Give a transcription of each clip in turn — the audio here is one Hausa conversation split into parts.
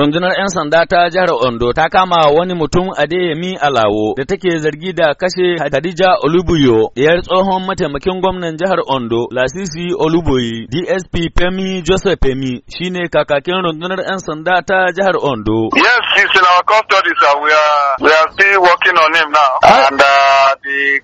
Rundunar 'yan sanda ta jihar Ondo ta kama wani mutum Adeyemi Alawo da take zargi da kashe hadija Olubuyo, Yar tsohon mataimakin gwamnan jihar Ondo, Lasisi Oluboyi, DSP Femi Joseph Femi, shine kakakin rundunar 'yan sanda ta jihar Ondo. Yes, he's in our custody, sir. We are, we are still working on him now.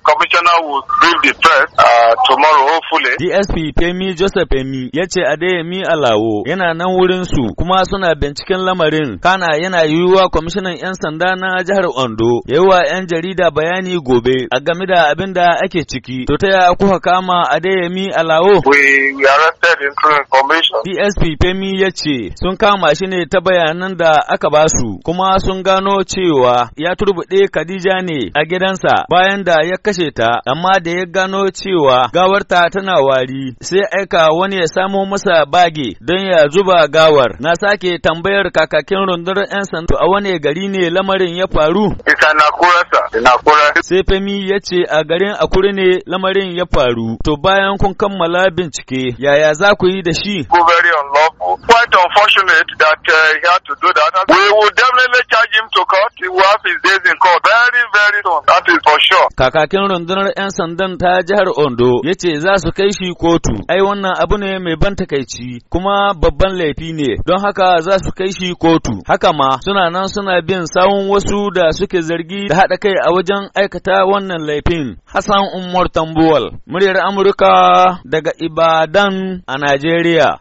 commissioner will brief the press uh, tomorrow hopefully. DSP Femi Joseph Emi ya ce Adeyemi Alawo yana nan wurin su kuma suna binciken lamarin. Kana yana yiwuwa kwamishinan 'yan sanda na jihar Ondo ya wa 'yan jarida bayani gobe a game da abin da ake ciki. To ta yaya kuka kama Adeyemi Alawo? We, we arrested him through information. DSP Femi ya ce sun kama shi ne ta bayanan da aka ba su kuma sun gano cewa ya turbuɗe Khadija ne a gidansa bayan da ya kashe kashe ta, amma da ya gano cewa gawarta tana wari, sai aika wani ya samo masa bage don ya zuba gawar. Na sake tambayar kakakin rundunar 'yan sanda a wani gari ne lamarin ya faru. Ita na kurasa, na kurasa. Sai Femi ya ce a garin Akure ne lamarin ya faru. To bayan kun kammala bincike, yaya za ku yi da shi? Quite unfortunate that uh, he had to do that. We will definitely charge him What you have is days in court very very soon. That is for sure. Kakakin rundunar 'yan sandan ta jihar Ondo ya ce za su kai shi kotu. Ai wannan abu ne mai ban takaici kuma babban laifi ne don haka za su kai shi kotu. Haka ma suna nan suna bin sawun wasu da suke zargi da haɗa kai a wajen aikata wannan laifin. Hassan Umar Tambuwal, muryar Amurka daga Ibadan a Najeriya.